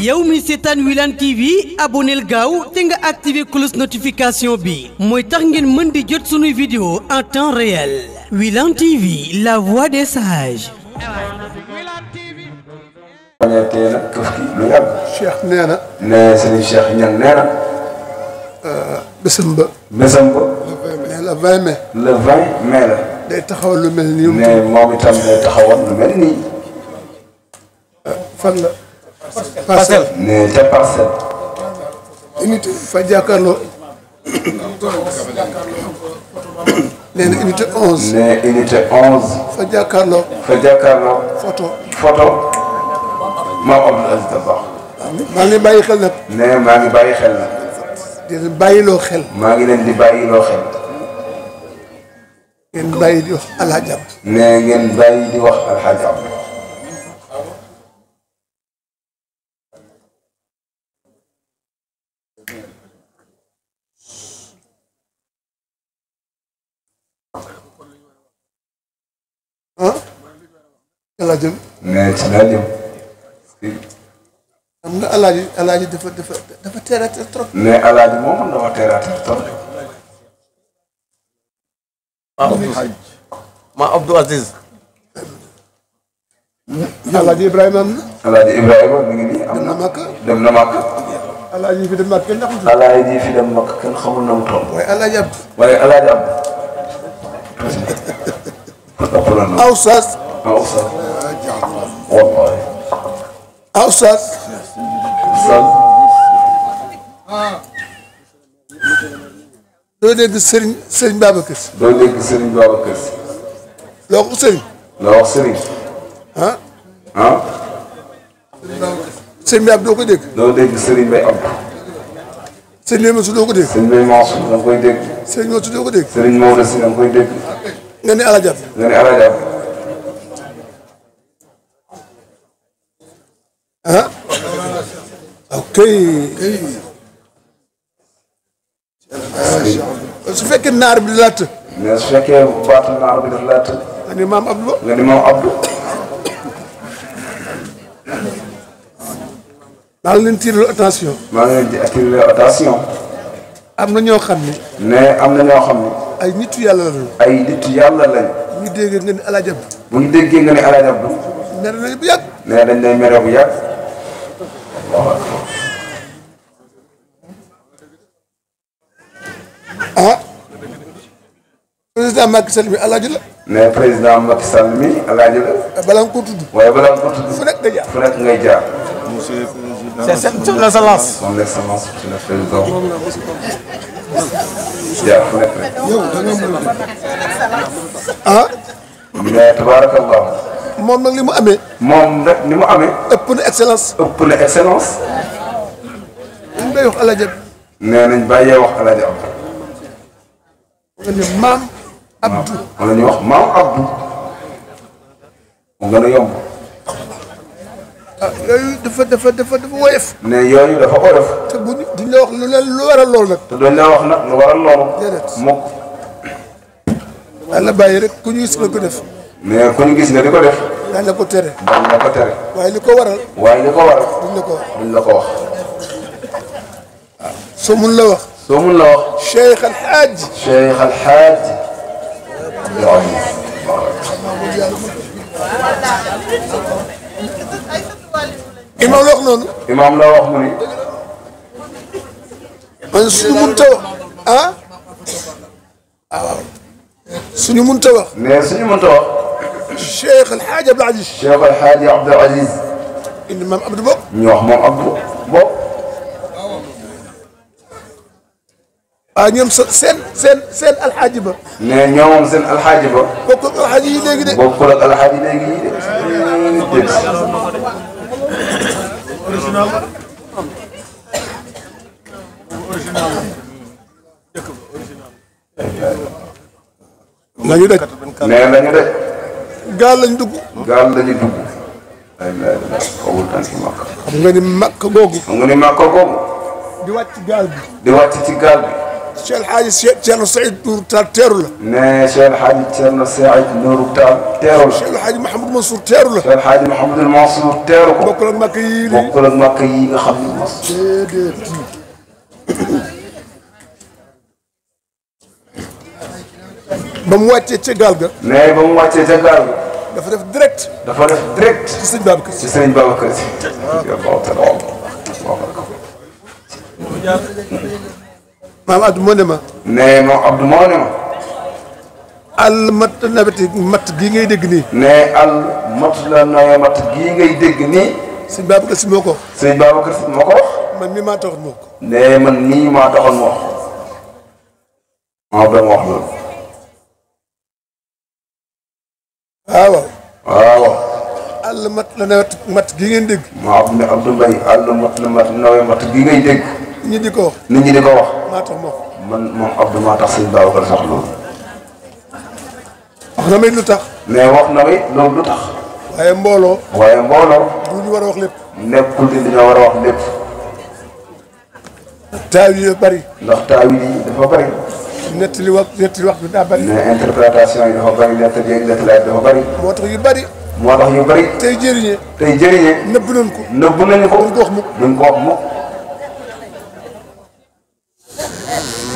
yow mi setan Wilan TV aboneel gaaw te nga activé cloche notification bi moy tax ngeen mën di jot suñu vidéo en temps réel Wilan TV la voix des sages. Wilan TV nag këf lu yàgg. Cheikh nee né Serigne Cheikh Niang nee euh bésam ba. bésam le 20 mai. le 20 mai la. day taxaw lu melni nii. mais momi tam day taxawal lu mel fan la. parcelle mais ca parcelle. unité fa jàkkaarloo. nee na unité 11. nee unité 11. fa jàkkaarloo. fa jàkkaarloo. photo photo. maa ko Abdou Aziz Dabakh. maa ngi bàyyi xel nag. nee maa ngi bàyyi xel nag. di leen bàyyiloo xel. maa ngi leen di bàyyiloo xel. ngeen bàyyi di wax alxajaab. nee ngeen bàyyi di wax alxajaab. la jëm. mais ci laa jëm. xam nga alaaji alaaji dafa dafa dafa teel a teel trop. mais alaaji moom dafa teel a teel trop. ma Abdou Aziz. alaaji Ibrahima am na. alaaji Ibrahima mi ngi nii am na. dem na Makka dem na Makka. alaaji fi dem Makka kenn xamul. alaaji fi dem Makka kenn xamul na mu toll. waaye alaaji Abdou. waaye alaaji Abdou. aw saas. aw saas. Vallahi. Al sen. Sen. Böyleydi Selim, Selim Babakır. Böyleydi Selim Babakır. Loku Selim. Loku Selim. Ha? Ha? Selim Babakır okuduk. Böyleydi Selim Babakır. Senin Mesut'u okuduk. Senin Mesut'u okuduk. Senin Mesut'u okuduk. Senin Mesut'u okuduk. Senin Mesut'u okuduk. Nene alacak. Nene alacak. ها اوكي su fekkee naar bi latt mais su fekkee baatu naar bi daf latt nga ni maam Abdou nga ni maam Abdou maa ngi leen tiirlu attention maa ngi leen di attiré attention am na ñoo xam ne mais am na ñoo xam ne ay nitu yàlla lañu ay nitu yàlla lañu bu ñu déggee nga ni alaaj Abdou bu ñu déggee nga ni alaaj Abdou mere nañ bu yàgg mais dañ lay mere bu yàgg ah président Macky Sall mi alaaji la. mais président Macky Sall mi alaaji la. Eh, balaa nga ko tudd. waaye balaa ko tudd. fu nekk nga fu nekk ngay jaar. monsieur le président. son excellence. son excellence monsieur le président. jaar fu nekk rek. yow da nga mën ah. mais tabaarakallah. moom nag li mu amee. moom nag ni mu amee. ëpp na excellence. ëpp na excellence. dañ bay wax alaaja bi. nee nañ bàyyee wax alaaja am. nga ne maam. Abdou wala ñu wax maam Abdou. mu gën a yomb. ah yooyu dafa dafa dafa dafa woyof. ne yooyu dafa woyof. te bu ñu duñ la wax lu leen lu waral lool nag. te duñ la wax na lu waral loolu. déedéet mukk. yàlla bàyyi rek ku ñu gis nga ko def. mais kon gis nga di ko def. daan la ko tere. daan la ko tere. waaye li ko waral. waaye li ko waral. duñ la ko wax duñ la ko wax. waaw soo mun la wax. soo mun la wax. Cheikh Al Hadj. Cheikh Al Hadj. waaw. imaam la wax noonu. imaam la wax mu ni. man suñu munta wax. ah. waaw suñu munta wax. mais suñu munta wax. الشيخ الحاج عبد العزيز الشيخ الحاج عبد العزيز الامام عبد بو نيوخ عبد بو اه نيوم سن سن سن الحاج بو نيوم سن الحاج بو بوكو الحاج يي ديغي دي بوكو الحاج يي ديغي اوريجينال اوريجينال لا يوجد نعم لا يوجد gaal lañ dugg. gaal lañu dugg. alhamdulilah xawul tànki màkk. xam nga ni màkk googu. xam nga ni màkk googu. di wàcc gaal bi. di wàcc ci gaal bi. Cheikh Hadji Thierno Saïd Nourou Tall teeru la. mais Cheikh Hadji Thierno Saïd Nourou Tall teeru la. Cheikh Hadji Mouhamadou Mansour teeru la. Cheikh Hadji Mouhamadou Mansour teeru ko. bokkul ak màkk yii bokkul ak màkk yii nga xam ne mos. déedéet. ba mu wàccee ca gaal ga. mais ba mu wàccee ca gaal ga. dafa def direct. dafa def direct. ci sëñ Babacar si ci sëñ Babacar si. maam Abdou moo ne ma. mais moom Abdou moo ne ma. al mat naweti mat gii ngay dégg nii. mais al mat la nawee mat gii ngay dégg nii. sëñ Babacar si moo ko. sëñ Babacar si moo ko. man mii maa taxoon moo ko. mais man mii maa taxoon moo ko. maa doon wax loolu. waaw waaw. àll mat la nawet matt gi ngeen dégg. maa xam ne Abdoulaye àll mat nawet mat gi ngay dégg. ñi di ko wax. nit ñi di ko wax. tax ma man moom Abdou maa tax sëñ Babacar wax na lu tax. mais wax na may loolu tax. waaye mbooloo. waaye mbooloo. du ñu war a wax lépp. nekkul ni dañoo war a wax lépp. taaw yi dafa bari. ndax taaw yi dafa bari. nettali wax nettali wax bi daa bëri. mais interprétation yi dafa bëri nettali yeeg nettalaay dafa bëri. moo tax yu bëri. moo tax yu bëri. tey jëriñee. tey jëriñee. nëbb nañ ko. nëbb nañ ko duñ ko wax mukk. duñ ko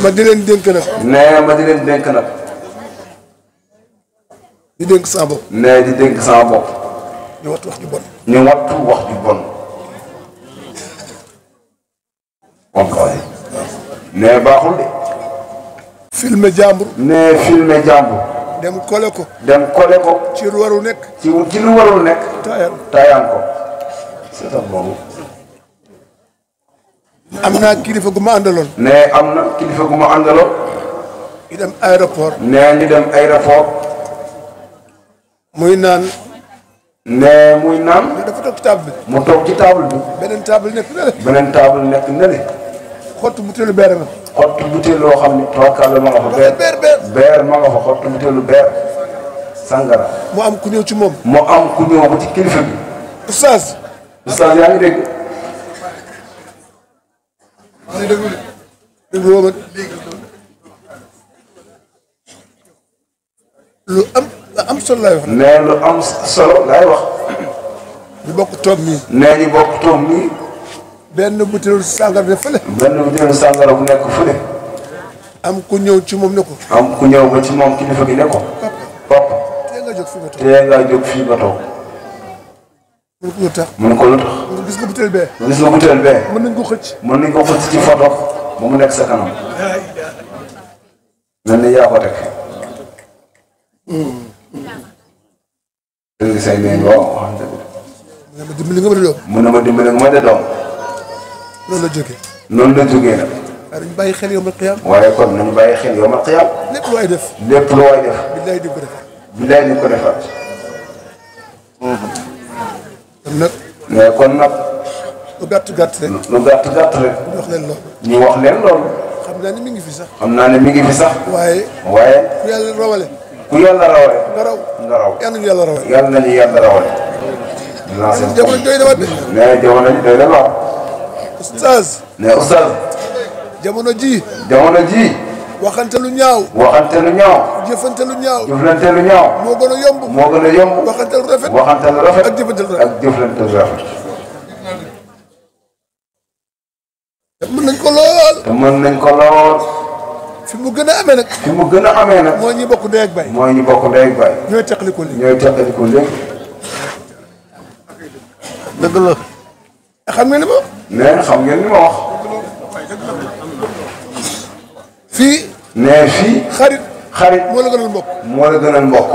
ma di leen dénk nag. nee ma di leen dénk nag. di dénk sama bopp. nee di dénk sama bopp. ñu wattu wax ju bon. ñu wattu wax ju bon. kon xaw ma baaxul de. filme jàmbur. ne filme jàmbur. dem kole ko. dem kole ko. ci lu warul nekk. ci ci lu warul nekk. taayaan ko. am naa kilifa gu ma àndaloon. ne am na kilifa gu ma àndaloon. ñu dem aéroport. ne ñu dem aéroport. muy naan. muy naan. dafa toog ci table bi. mu toog ci table bi. beneen table nekk na le. xottu butéelu beer la. xottu butéel loo xam ne tubarkalla ma nga fa. beer beer beer ma nga fa xottu butéelu beer sangara. moo am ku ñëw ci moom. moo am ku ñëw ba ci kilifa bi. oustaz. oustaz yaa ngi dégg. lu am solo laay wax. nee lu am solo laay wax. ñu bokk toom nii. nee ñu bokk toom nii. benn butéelu sàngara def fële. bu nekk fële. am ku ñëw ci moom ne am ku ñëw ba ci moom kilifa gi ne ko. papa tee nga jóg fii nga toog tee nga jóg mun ko lu mun ko lu gis nga butéel bee. gis bee. mën nañ ko xëcc. mën nañ ko xëcc ci photo ba mu nekk sa kanam. mel ni yaa ko teg. dégg nga ne ma dimbali ma de doom. loolu la jógee. loolu la jógee nag. waaye nañu bàyyi xel yawmal qiyaam. waaye kon nañu bàyyi xel yawmal qiyaam. lépp lu waay def. lépp lu waay def. billaay di ko defar. billaay di ko defar. kon nag. mais kon nag. lu gàtt gàtt rek. lu gàtt gàtt rek. ñu wax leen loolu. ñu wax leen loolu. xam naa ne mi ngi fi sax. xam naa ne mi ngi fi sax. waaye. waaye. ku yàlla rawale. ku yàlla rawale. nga raw nga raw. yàlla nañu yàlla rawale. yàlla nañu yàlla rawale. jamono jooy dama de. mais jamono ji doy na lool. oustaz ne oustaz jamono ji jamono ji waxante lu ñaaw waxante lu ñaaw jëfante lu ñaaw jëflante lu ñaaw moo gën a yomb moo gën a yomb waxante lu rafet waxante lu rafet ak jëfante lu rafet ak jëflante lu rafet mën nañ ko lool te mën nañ ko lool fi mu gën a amee nag fi mu gën a amee nag mooy ñu bokk ndey ak bay mooy ñu bokk ndey ak bay ñooy teqaliko léegi ñooy teqaliko léegi dëgg la xam nga ni ma nee xam ngeen li ma wax. fii. nee fii. xarit xarit moo la gënal mbokk. moo la gënal mbokk.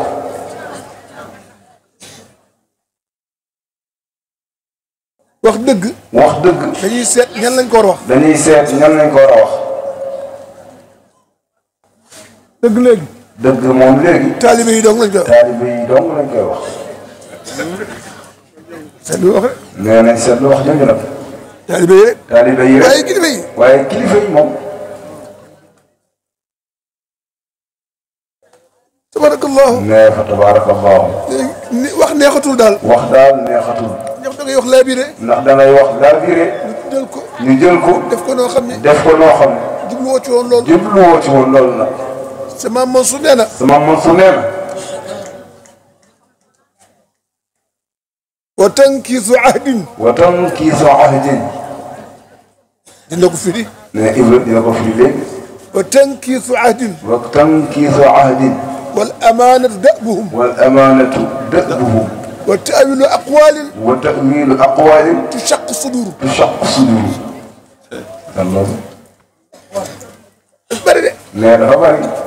wax dëgg. wax dëgg. dañuy seet ñan lañ ko war a wax. dañuy seet ñan lañ ko war a wax. dëgg léegi. dëgg moom léegi. taalibe yi dong lañ koy wax. taalibe yi dong lañ koy wax. seetlu wax rek. nee nañ seetlu wax dëgg la. taalibe yi rek. taalibe yi rek waaye kilifa yi. waaye kilifa yi moom. tabarakallah. nee fa tabarakallah. wax neexatul daal. wax daal neexatul. ndax da ngay wax laabire. ndax da ngay wax laabire. ñu jël ko. ñu jël ko. def ko noo xam ne. def ko noo xam ne. jubluwoo ci woon lool. jubluwoo ci woon lool nag. sama Mansour nee na. sama Mansour nee na. وتنكيز عهد وتنكيز عهد دينا كفري لا إبراهيم دينا كفري وتنكيز عهد وتنكيز عهد والأمانة دأبهم والأمانة دأبهم وتأويل أقوال وتأويل أقوال تشق صدور تشق صدور الله لا لا